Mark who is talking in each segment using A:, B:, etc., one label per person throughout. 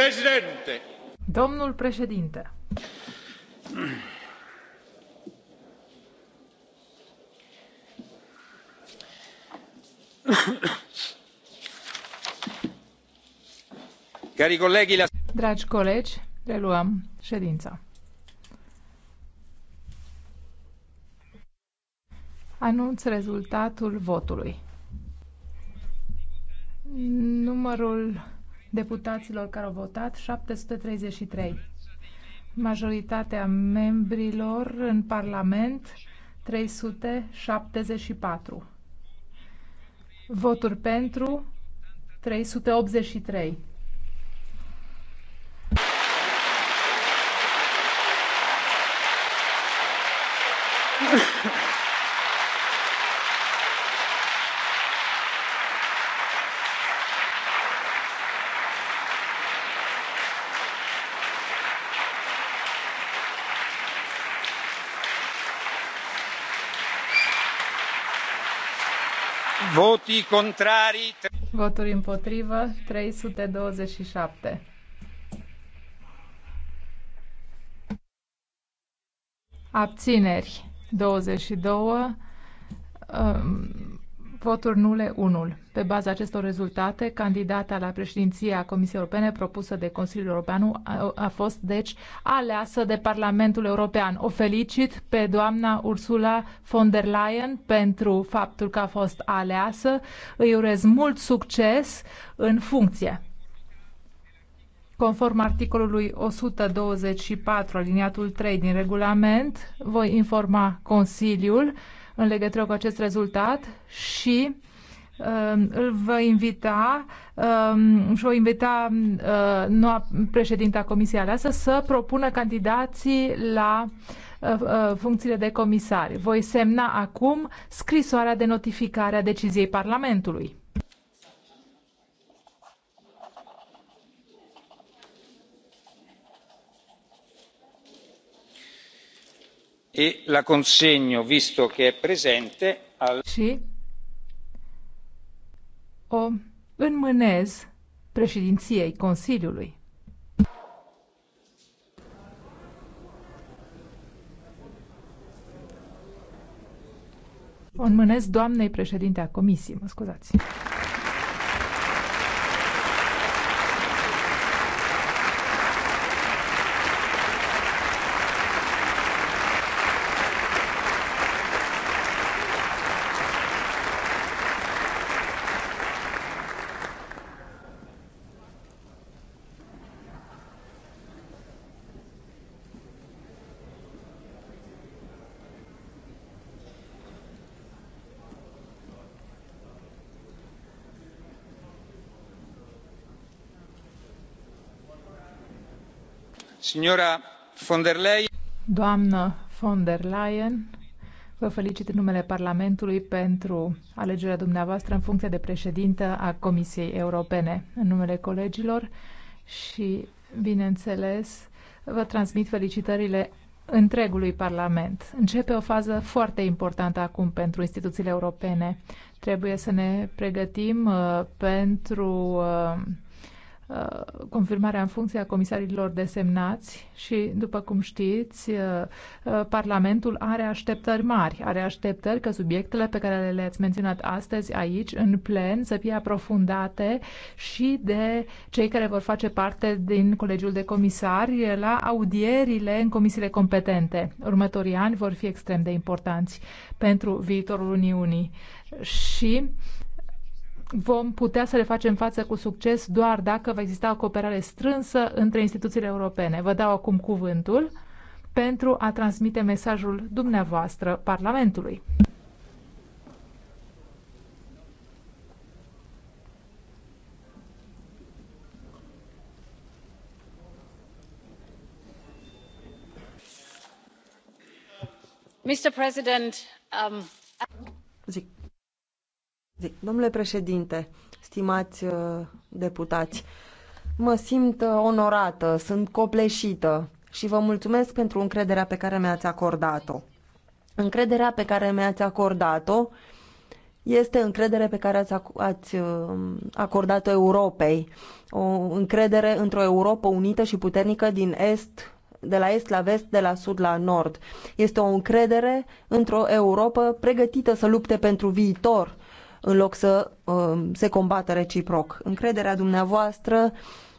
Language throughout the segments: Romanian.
A: președinte!
B: Domnul președinte.
A: Cari colegi, la...
B: Dragi colegi, reluăm ședința. Anunț rezultatul votului. Numărul deputaților care au votat, 733. Majoritatea membrilor în Parlament, 374. Voturi pentru, 383.
A: voti contrari.
B: Voturi împotrivă, 327. Abțineri, 22. Um, voturi nule 1. Pe baza acestor rezultate, candidata la președinția Comisiei Europene propusă de Consiliul European a, a fost, deci, aleasă de Parlamentul European. O felicit pe doamna Ursula von der Leyen pentru faptul că a fost aleasă. Îi urez mult succes în funcție. Conform articolului 124, aliniatul 3 din regulament, voi informa Consiliul în legătură cu acest rezultat și um, îl vă invita um, și o invita uh, noua președinta comisiei aleasă să propună candidații la uh, uh, funcțiile de comisari. Voi semna acum scrisoarea de notificare a deciziei Parlamentului. e la consegno, visto che è presente, al... Și o înmânez președinției Consiliului. O înmânez doamnei președinte a Comisiei, mă scuzați. Doamnă von der Leyen, vă felicit în numele Parlamentului pentru alegerea dumneavoastră în funcția de președintă a Comisiei Europene. În numele colegilor și, bineînțeles, vă transmit felicitările întregului Parlament. Începe o fază foarte importantă acum pentru instituțiile europene. Trebuie să ne pregătim uh, pentru uh, Uh, confirmarea în funcție a comisarilor desemnați și, după cum știți, uh, uh, Parlamentul are așteptări mari. Are așteptări că subiectele pe care le-ați menționat astăzi aici, în plen, să fie aprofundate și de cei care vor face parte din Colegiul de Comisari la audierile în comisiile competente. Următorii ani vor fi extrem de importanți pentru viitorul Uniunii. Și uh, vom putea să le facem față cu succes doar dacă va exista o cooperare strânsă între instituțiile europene. Vă dau acum cuvântul pentru a transmite mesajul dumneavoastră Parlamentului.
C: Mr. President, um...
A: Domnule președinte, stimați uh, deputați, mă simt uh, onorată, sunt copleșită și vă mulțumesc pentru încrederea pe care mi-ați acordat-o. Încrederea pe care mi-ați acordat-o este încredere pe care ați, uh, acordat-o Europei. O încredere într-o Europa unită și puternică din est, de la est la vest, de la sud la nord. Este o încredere într-o Europa pregătită să lupte pentru viitor, în loc să um, se combată reciproc. Încrederea dumneavoastră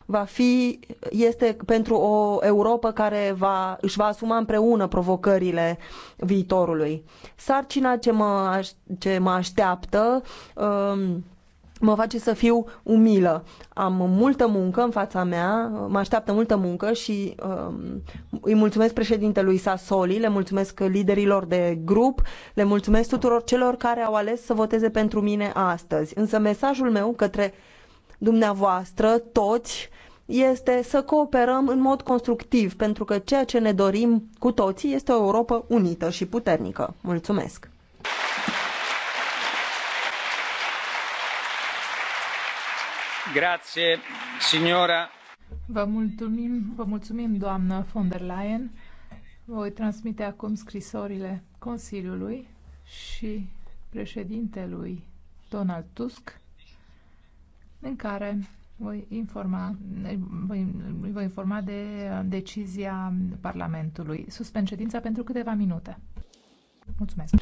A: va fi, este pentru o Europa care va, își va asuma împreună provocările viitorului. Sarcina ce mă, ce mă așteaptă um, mă face să fiu umilă. Am multă muncă în fața mea, mă așteaptă multă muncă și uh, îi mulțumesc președintelui Sassoli, le mulțumesc liderilor de grup, le mulțumesc tuturor celor care au ales să voteze pentru mine astăzi. Însă mesajul meu către dumneavoastră, toți, este să cooperăm în mod constructiv, pentru că ceea ce ne dorim cu toții este o Europa unită și puternică.
B: Mulțumesc! Vă mulțumim, doamnă von der Leyen. Voi transmite acum scrisorile Consiliului și președintelui Donald Tusk, în care voi informa, voi, voi informa de decizia Parlamentului. Suspend ședința pentru câteva minute. Mulțumesc.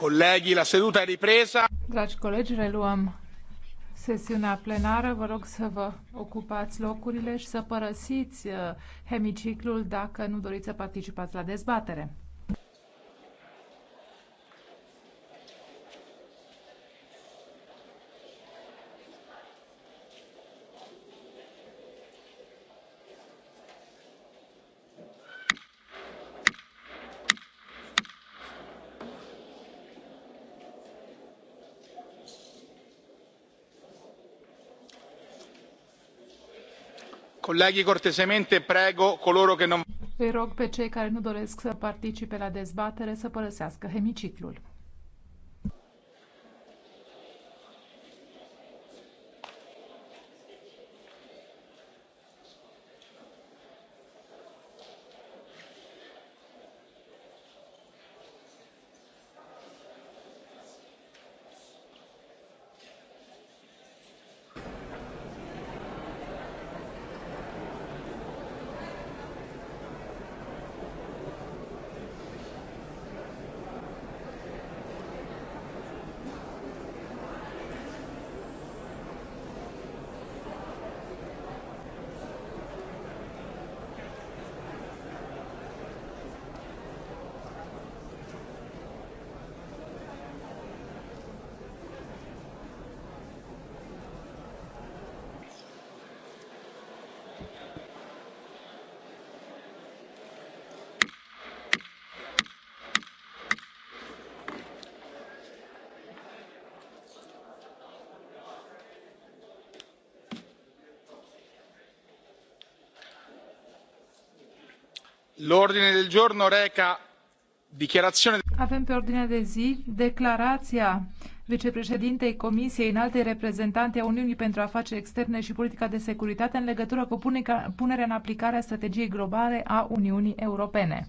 A: Colegi, la seduta ripresa.
B: Dragi colegi, reluăm sesiunea plenară. Vă rog să vă ocupați locurile și să părăsiți uh, hemiciclul dacă nu doriți să participați la dezbatere.
A: Colegii, cortesemente, prego coloro che non...
B: Îi rog pe cei care nu doresc să participe la dezbatere să părăsească hemiciclul.
A: l'ordine del giorno reca dichiarazione.
B: avem pe ordinea de zi declarația vicepreședintei comisiei înaltei reprezentante a uniunii pentru afaceri externe și politica de securitate în legătură cu punerea în aplicare a strategiei globale a uniunii europene.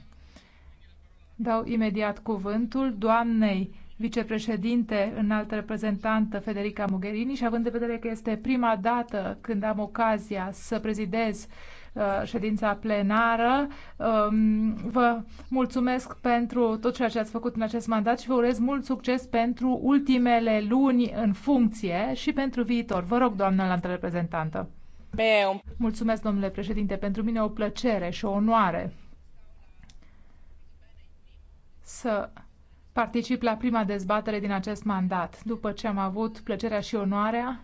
B: dau imediat cuvântul doamnei vicepreședinte înalt reprezentantă Federica Mogherini și având în vedere că este prima dată când am ocazia să prezidez Uh, ședința plenară. Um, vă mulțumesc pentru tot ceea ce ați făcut în acest mandat și vă urez mult succes pentru ultimele luni în funcție și pentru viitor. Vă rog, doamnă înaltă reprezentantă. Meu. Mulțumesc, domnule președinte. Pentru mine o plăcere și o onoare să particip la prima dezbatere din acest mandat, după ce am avut plăcerea și onoarea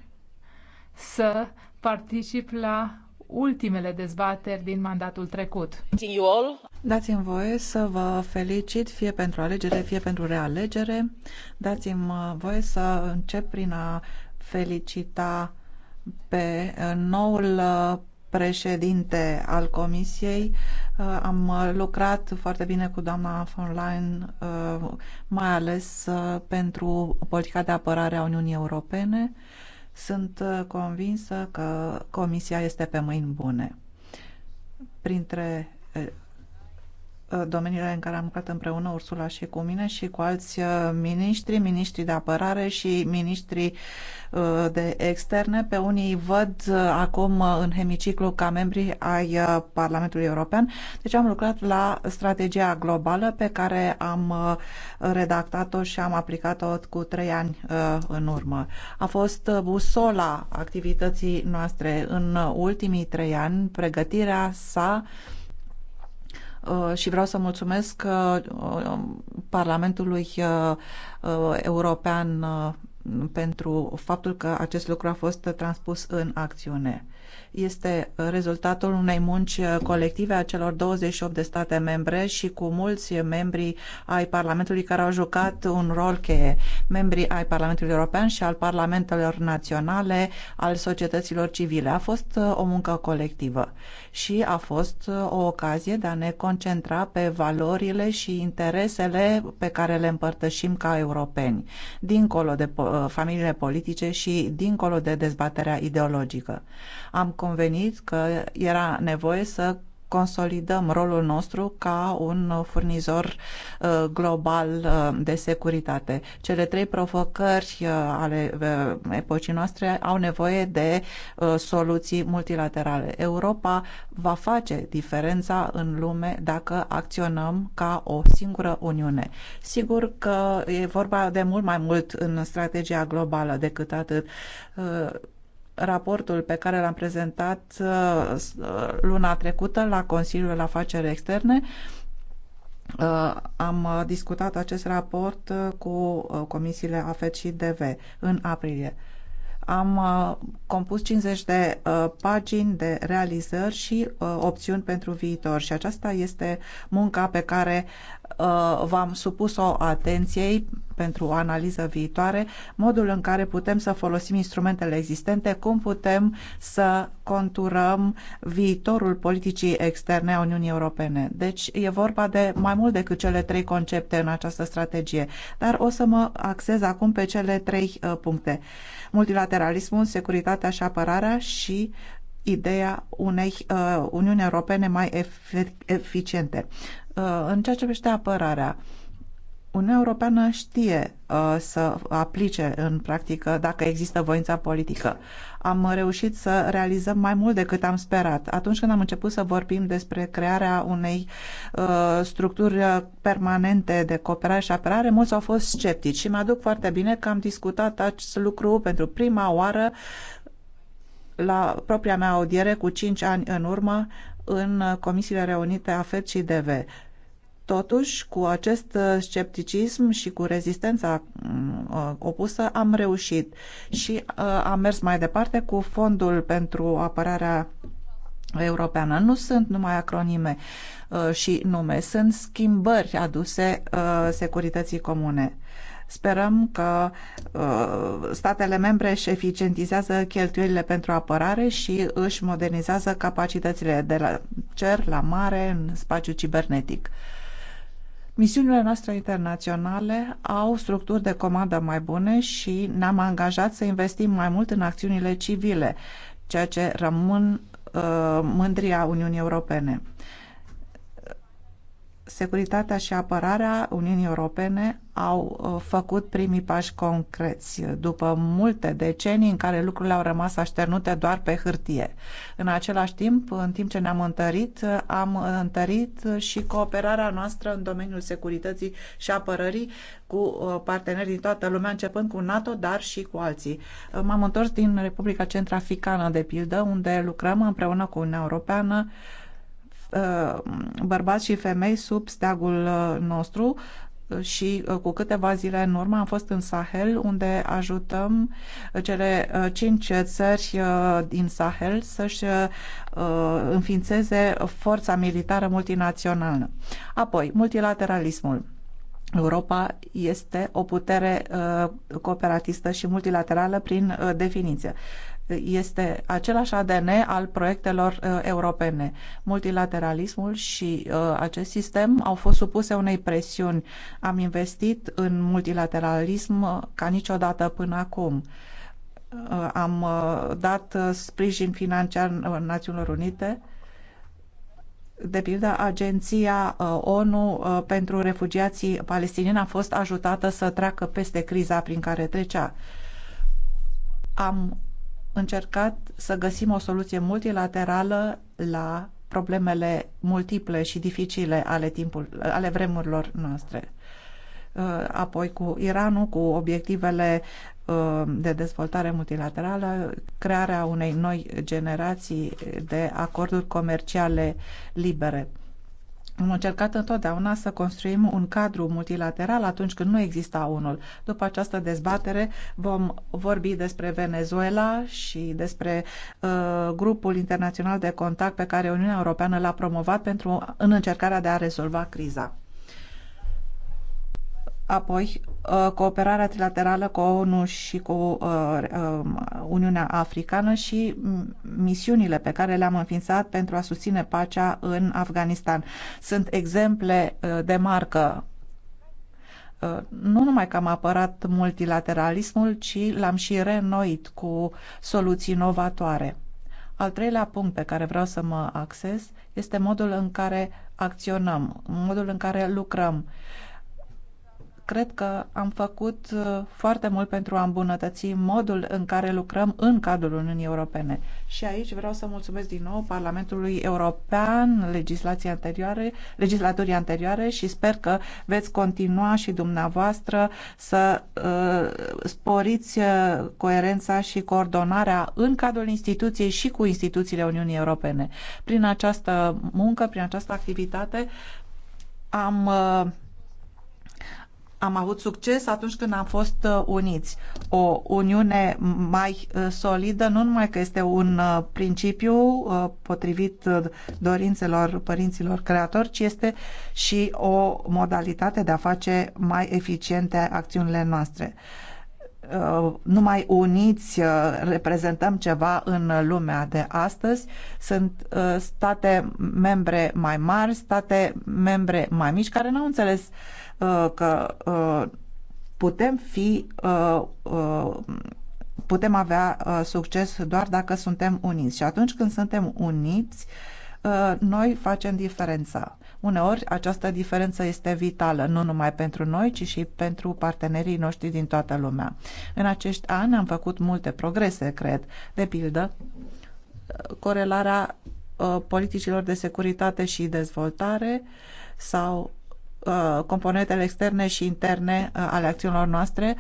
B: să particip la ultimele dezbateri din mandatul trecut.
C: Dați-mi voie să vă felicit fie pentru alegere, fie pentru realegere. Dați-mi uh, voie să încep prin a felicita pe uh, noul uh, președinte al Comisiei. Am lucrat foarte bine cu doamna von Leyen, mai ales pentru politica de apărare a Uniunii Europene. Sunt uh, convinsă că Comisia este pe mâini bune. Printre uh, Uh, domeniile în care am lucrat împreună, Ursula și cu mine și cu alți uh, miniștri, miniștri de apărare și miniștri uh, de externe. Pe unii văd acum în hemiciclu ca membri ai Parlamentului European. Deci am lucrat la strategia globală pe care am redactat-o și am aplicat-o cu trei ani în urmă. A fost busola activității noastre în ultimii trei ani, pregătirea sa, Uh, și vreau să mulțumesc uh, uh, Parlamentului European pentru faptul că acest lucru a fost transpus în acțiune este rezultatul unei munci colective a celor 28 de state membre și cu mulți membri ai Parlamentului care au jucat un rol cheie, membri ai Parlamentului European și al Parlamentelor Naționale, al societăților civile. A fost uh, o muncă colectivă și a fost uh, o ocazie de a ne concentra pe valorile și interesele pe care le împărtășim ca europeni, dincolo de uh, familiile politice și dincolo de dezbaterea ideologică. Am convenit că era nevoie să consolidăm rolul nostru ca un furnizor uh, global uh, de securitate. Cele trei provocări uh, ale epocii noastre au nevoie de soluții multilaterale. Europa va face diferența în lume dacă acționăm ca o singură Uniune. Sigur că e vorba de mult mai mult în strategia globală decât atât raportul pe care l-am prezentat uh, luna trecută la Consiliul Afaceri Externe. Uh, am discutat acest raport uh, cu comisiile AFET și DV în aprilie. Am compus 50 de pagini de realizări și opțiuni pentru viitor și aceasta este munca pe care Uh, v-am supus-o atenției pentru o analiză viitoare, modul în care putem să folosim instrumentele existente, cum putem să conturăm viitorul politicii externe a Uniunii Europene. Deci e vorba de mai mult decât cele trei concepte în această strategie, dar o să mă axez acum pe cele trei uh, puncte. Multilateralismul, securitatea și apărarea și ideea unei uh, Uniuni Europene mai efic eficiente. Uh, în ceea ce privește apărarea, Uniunea Europeană știe uh, să aplice în practică dacă există voința politică. Am reușit să realizăm mai mult decât am sperat. Atunci când am început să vorbim despre crearea unei uh, structuri permanente de cooperare și apărare, mulți au fost sceptici și mă aduc foarte bine că am discutat acest lucru pentru prima oară la propria mea audiere cu 5 ani în urmă în Comisiile Reunite AFET și DV Totuși, cu acest uh, scepticism și cu rezistența mm, uh, opusă, am reușit și uh, am mers mai departe cu Fondul pentru Apărarea Europeană. Nu sunt numai acronime și nume, sunt schimbări aduse securității comune. Sperăm că uh, statele membre își eficientizează cheltuielile pentru apărare și își modernizează capacitățile de la cer la mare în spațiu cibernetic. Misiunile noastre internaționale au structuri de comandă mai bune și ne-am angajat să investim mai mult în acțiunile civile, ceea ce rămân uh, mândria Uniunii Europene securitatea și apărarea Uniunii Europene au uh, făcut primii pași concreți uh, după multe decenii în care lucrurile au rămas așternute doar pe hârtie. În același timp, în timp ce ne-am întărit, uh, am întărit și cooperarea noastră în domeniul securității și apărării cu parteneri din toată lumea, începând cu NATO, dar și cu alții. M-am întors din Republica Centrafricană, de pildă, unde lucrăm împreună cu Uniunea Europeană Uh, bărbați și femei sub steagul uh, nostru și uh, cu câteva zile în urmă am fost în Sahel unde ajutăm cele cinci țări din Sahel să-și înființeze forța militară multinațională. Apoi, multilateralismul. Europa este o putere cooperatistă și multilaterală prin definiție este același ADN al proiectelor uh, europene. Multilateralismul și uh, acest sistem au fost supuse unei presiuni. Am investit în multilateralism uh, ca niciodată până acum. Uh, am uh, dat uh, sprijin financiar uh, Națiunilor Unite de pildă, agenția uh, ONU pentru refugiații palestinieni a fost ajutată să treacă peste criza prin care trecea. Am încercat să găsim o soluție multilaterală la problemele multiple și dificile ale, timpul, ale vremurilor noastre. Uh, apoi cu Iranul, cu obiectivele uh, de dezvoltare multilaterală, crearea unei noi generații de acorduri comerciale libere. Am încercat întotdeauna să construim un cadru multilateral atunci când nu exista unul. După această dezbatere vom vorbi despre Venezuela și despre uh, grupul internațional de contact pe care Uniunea Europeană l-a promovat pentru în încercarea de a rezolva criza. Apoi, uh, cooperarea trilaterală cu ONU și cu uh, um, Uniunea Africană și mm, misiunile pe care le-am înființat pentru a susține pacea în Afganistan. Sunt exemple uh, de marcă nu numai că am apărat multilateralismul, ci l-am și reînnoit cu soluții inovatoare. Al treilea punct pe care vreau să mă axez este modul în care acționăm, modul în care lucrăm. Uh, Cred că am făcut uh, foarte mult pentru a îmbunătăți modul în care lucrăm în cadrul Uniunii Europene. Și aici vreau să mulțumesc din nou Parlamentului European, legislații anterioare, legislaturii anterioare și sper că veți continua și dumneavoastră să uh, sporiți uh, coerența și coordonarea în cadrul instituției și cu instituțiile Uniunii Europene. Prin această muncă, prin această activitate, am uh, am avut succes atunci când am fost uh, uniți. O uniune mai uh, solidă nu numai că este un uh, principiu potrivit dorințelor părinților creatori, ci este și o modalitate de a face mai eficiente acțiunile noastre. Uh, numai uniți uh, reprezentăm ceva în lumea de astăzi. Sunt uh, state membre mai mari, state membre mai mici, care nu au înțeles că putem fi putem avea succes doar dacă suntem uniți. Și atunci când suntem uniți, noi facem diferența. Uneori, această diferență este vitală, nu numai pentru noi, ci și pentru partenerii noștri din toată lumea. În acești ani am făcut multe progrese, cred. De pildă, corelarea uh, politicilor de securitate și dezvoltare sau uh, componentele externe și interne uh, ale acțiunilor noastre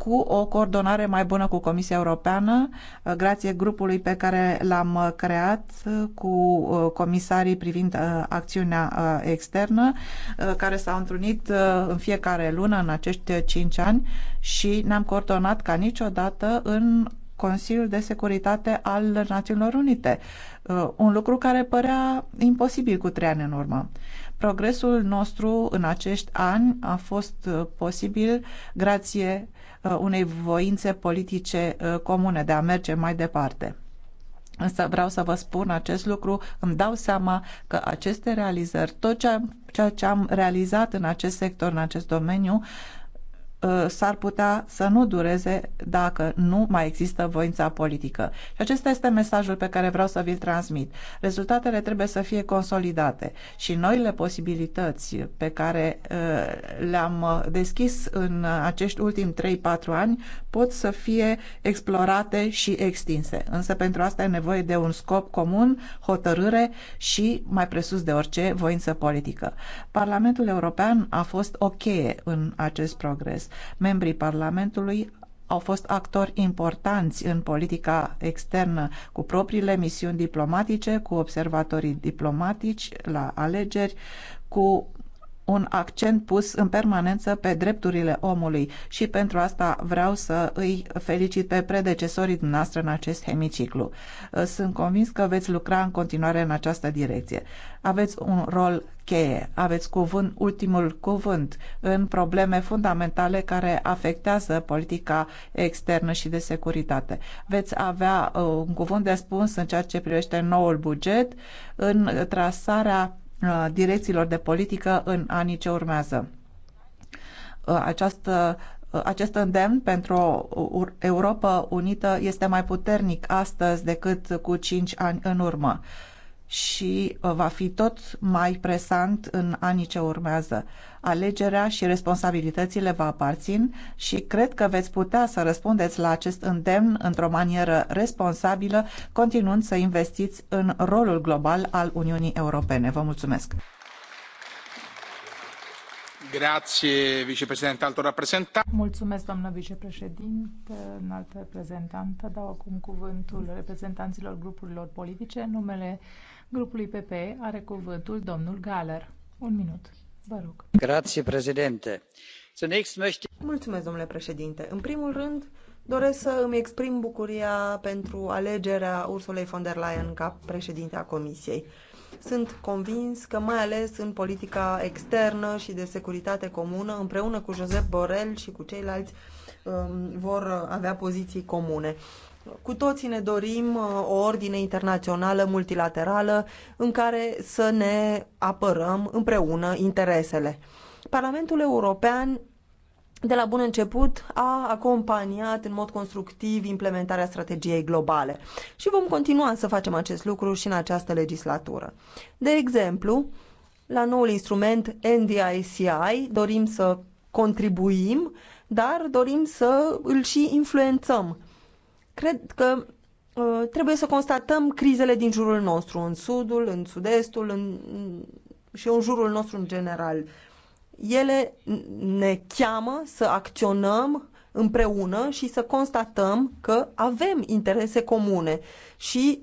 C: cu o coordonare mai bună cu Comisia Europeană, uh, grație grupului pe care l-am uh, creat uh, cu comisarii privind acțiunea externă, care s-au întrunit în fiecare lună în acești cinci ani și ne-am coordonat ca niciodată în Consiliul de Securitate al Națiunilor Unite, un lucru care părea imposibil cu trei ani în urmă. Progresul nostru în acești ani a fost posibil grație Uh, unei voințe politice uh, comune de a merge mai departe. Însă vreau să vă spun acest lucru, îmi dau seama că aceste realizări, tot ceea ce am realizat în acest sector, în acest domeniu, uh, Uh, s-ar putea să nu dureze dacă nu mai există voința politică. Și acesta este mesajul pe care vreau să vi-l transmit. Rezultatele trebuie să fie consolidate și noile posibilități pe care uh, le-am uh, deschis în acești ultimi 3-4 ani pot să fie explorate și extinse. Însă pentru asta e nevoie de un scop comun, hotărâre și, mai presus de orice, voință politică. Parlamentul European a fost o cheie în acest progres. Membrii Parlamentului au fost actori importanți în politica externă cu propriile misiuni diplomatice, cu observatorii diplomatici la alegeri, cu un accent pus în permanență pe drepturile omului și pentru asta vreau să îi felicit pe predecesorii dumneavoastră în acest hemiciclu. Uh, sunt convins că veți lucra în continuare în această direcție. Aveți un rol cheie, aveți cuvânt, ultimul cuvânt în probleme fundamentale care afectează politica externă și de securitate. Veți avea uh, un cuvânt de spus în ceea ce privește noul buget, în trasarea Uh, direcțiilor de politică în anii ce urmează. Uh, această uh, acest îndemn pentru o Europa unită este mai puternic astăzi decât cu cinci ani în urmă și uh, va fi tot mai presant în anii ce urmează. Alegerea și responsabilitățile vă aparțin și cred că veți putea să răspundeți la acest îndemn într-o manieră responsabilă, continuând să investiți în rolul global al Uniunii
B: Europene. Vă mulțumesc!
A: Grazie, vicepreședinte, altor reprezentant.
B: Mulțumesc, doamnă vicepreședinte, înaltă reprezentantă. Dau acum cuvântul reprezentanților grupurilor politice. Numele grupului PP are cuvântul domnul Galer. Un minut, vă rog.
A: Grazie, președinte. Mulțumesc, domnule președinte. În
B: primul rând, doresc să îmi exprim
A: bucuria pentru alegerea Ursulei von der Leyen ca președinte a Comisiei. Sunt convins că, mai ales în politica externă și de securitate comună, împreună cu Josep Borrell și cu ceilalți, um, vor avea poziții comune. Cu toții ne dorim uh, o ordine internațională multilaterală în care să ne apărăm împreună interesele. Parlamentul European de la bun început a acompaniat în mod constructiv implementarea strategiei globale și vom continua să facem acest lucru și în această legislatură. De exemplu, la noul instrument NDICI dorim să contribuim, dar dorim să îl și influențăm Cred că uh, trebuie să constatăm crizele din jurul nostru, în sudul, în sud-estul în, și în jurul nostru în general. Ele ne cheamă să acționăm împreună și să constatăm că avem interese comune și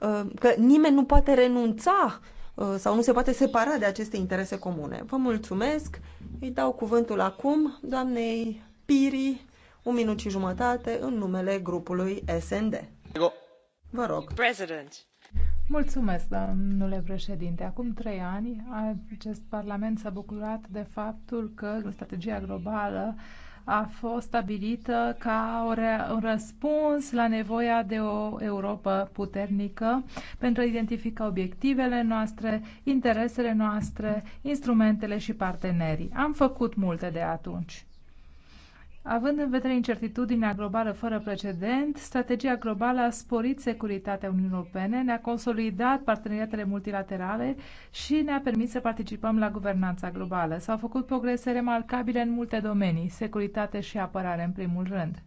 A: uh, că nimeni nu poate renunța uh, sau nu se poate separa de aceste interese comune. Vă mulțumesc. Îi dau cuvântul acum doamnei Piri un minut și jumătate în numele grupului SND. Vă rog. President.
B: Mulțumesc, domnule președinte. Acum trei ani, acest Parlament s-a bucurat de faptul că strategia globală a fost stabilită ca un răspuns la nevoia de o Europa puternică pentru a identifica obiectivele noastre, interesele noastre, instrumentele și partenerii. Am făcut multe de atunci. Având în vedere incertitudinea globală fără precedent, strategia globală a sporit securitatea Uniunii Europene, ne-a consolidat parteneriatele multilaterale și ne-a permis să participăm la guvernanța globală. S-au făcut progrese remarcabile în multe domenii, securitate și apărare în primul rând.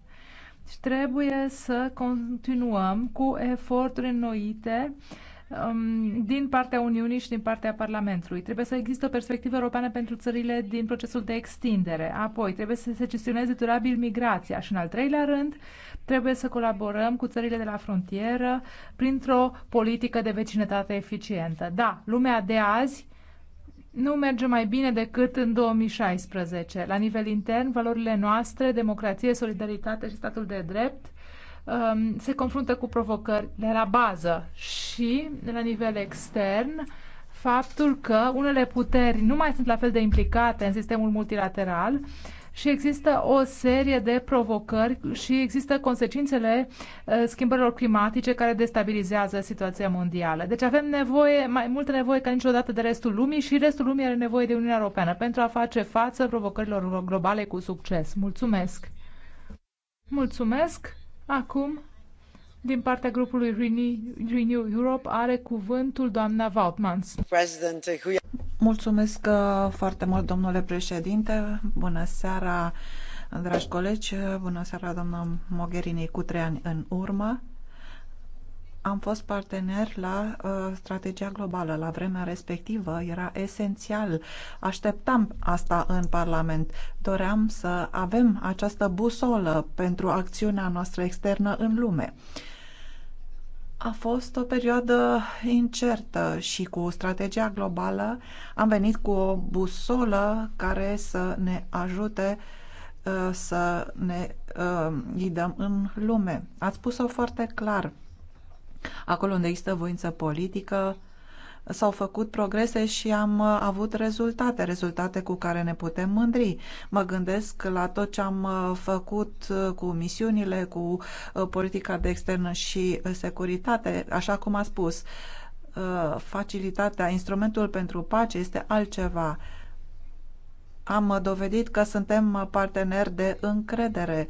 B: Și trebuie să continuăm cu eforturi înnoite Um, din partea Uniunii și din partea Parlamentului. Trebuie să existe o perspectivă europeană pentru țările din procesul de extindere. Apoi, trebuie să se gestioneze durabil migrația și, în al treilea rând, trebuie să colaborăm cu țările de la frontieră printr-o politică de vecinătate eficientă. Da, lumea de azi nu merge mai bine decât în 2016. La nivel intern, valorile noastre, democrație, solidaritate și statul de drept, Um, se confruntă cu provocări de la bază și la nivel extern faptul că unele puteri nu mai sunt la fel de implicate în sistemul multilateral și există o serie de provocări și există consecințele uh, schimbărilor climatice care destabilizează situația mondială. Deci avem nevoie, mai multă nevoie ca niciodată de restul lumii și restul lumii are nevoie de Uniunea Europeană pentru a face față provocărilor globale cu succes. Mulțumesc! Mulțumesc! Acum, din partea grupului Renew Europe, are cuvântul doamna Vautmans. Mulțumesc uh, foarte mult, domnule președinte. Bună
C: seara, dragi colegi. Bună seara, doamna Mogherini, cu trei ani în urmă am fost partener la uh, strategia globală. La vremea respectivă era esențial. Așteptam asta în Parlament. Doream să avem această busolă pentru acțiunea noastră externă în lume. A fost o perioadă incertă și cu strategia globală am venit cu o busolă care să ne ajute uh, să ne uh, ghidăm în lume. Ați spus-o foarte clar Acolo unde există voință politică, s-au făcut progrese și am uh, avut rezultate, rezultate cu care ne putem mândri. Mă gândesc la tot ce am uh, făcut uh, cu misiunile, cu politica de externă și securitate, așa cum a spus. Facilitatea, instrumentul pentru pace este altceva. Am dovedit că suntem parteneri de încredere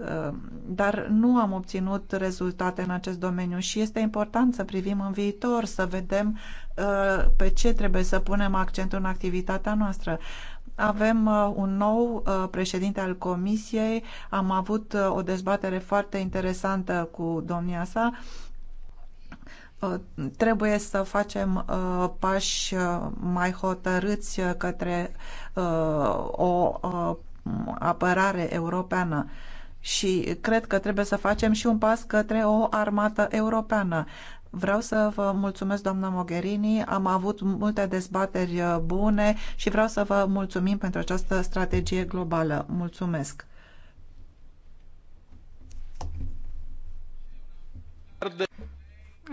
C: Ehm, dar nu am obținut rezultate în acest domeniu și este important să privim în viitor, să vedem ehm, pe ce trebuie să punem accentul în activitatea noastră. Avem ehm, un nou președinte al Comisiei, am avut o dezbatere foarte interesantă cu domnia sa. Trebuie să facem pași mai hotărâți către o apărare europeană și cred că trebuie să facem și un pas către o armată europeană. Vreau să vă mulțumesc, doamna Mogherini, am avut multe dezbateri uh, bune și vreau să vă mulțumim pentru această strategie globală. Mulțumesc!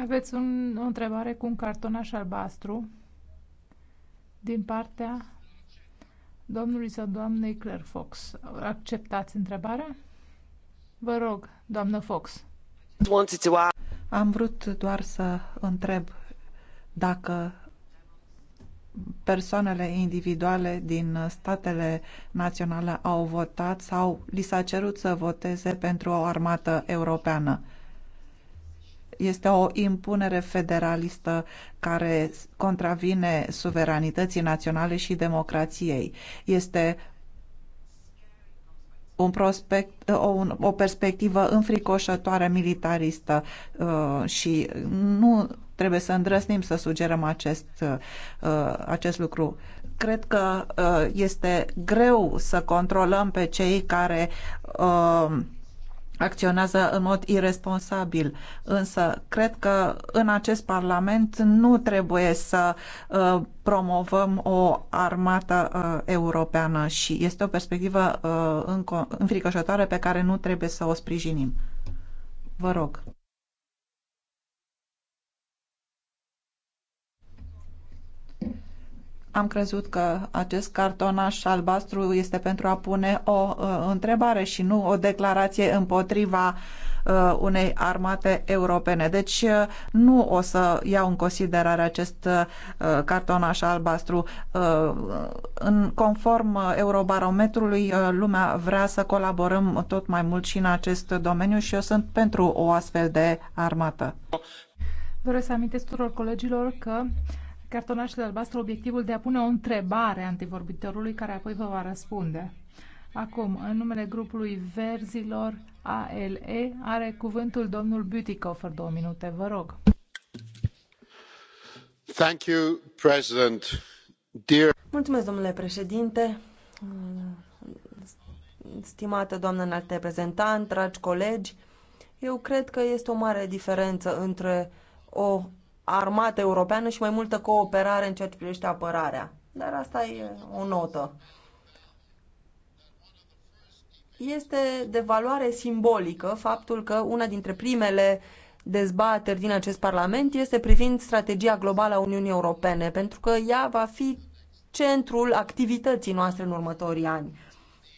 B: Aveți un, o întrebare cu un cartonaș albastru din partea domnului sau doamnei Claire Fox. Acceptați întrebarea? Vă rog, doamnă Fox. Am vrut doar să întreb dacă
C: persoanele individuale din statele naționale au votat sau li s-a cerut să voteze pentru o armată europeană. Este o impunere federalistă care contravine suveranității naționale și democrației. Este un prospect, uh, o, o perspectivă înfricoșătoare militaristă uh, și nu trebuie să îndrăsnim să sugerăm acest, uh, acest lucru. Cred că uh, este greu să controlăm pe cei care uh, acționează în mod irresponsabil. Însă, cred că în acest Parlament nu trebuie să uh, promovăm o armată uh, europeană și este o perspectivă uh, înfricoșătoare pe care nu trebuie să o sprijinim. Vă rog. Am crezut că acest cartonaș albastru este pentru a pune o uh, întrebare și nu o declarație împotriva uh, unei armate europene. Deci uh, nu o să iau în considerare acest uh, cartonaș albastru. Uh, în conform Eurobarometrului, uh, lumea vrea să colaborăm tot mai mult și în acest domeniu și eu sunt pentru o astfel de armată.
B: Vreau să amintesc tuturor colegilor că cartonașul albastru obiectivul de a pune o întrebare antivorbitorului care apoi vă va răspunde. Acum, în numele grupului Verzilor ALE, are cuvântul domnul Bütikofer, două minute, vă rog.
A: Thank you, President. Dear...
B: Mulțumesc, domnule președinte,
A: stimată doamnă înalt reprezentant, dragi colegi. Eu cred că este o mare diferență între o armată europeană și mai multă cooperare în ceea ce privește apărarea. Dar asta e o notă. Este de valoare simbolică faptul că una dintre primele dezbateri din acest Parlament este privind strategia globală a Uniunii Europene, pentru că ea va fi centrul activității noastre în următorii ani.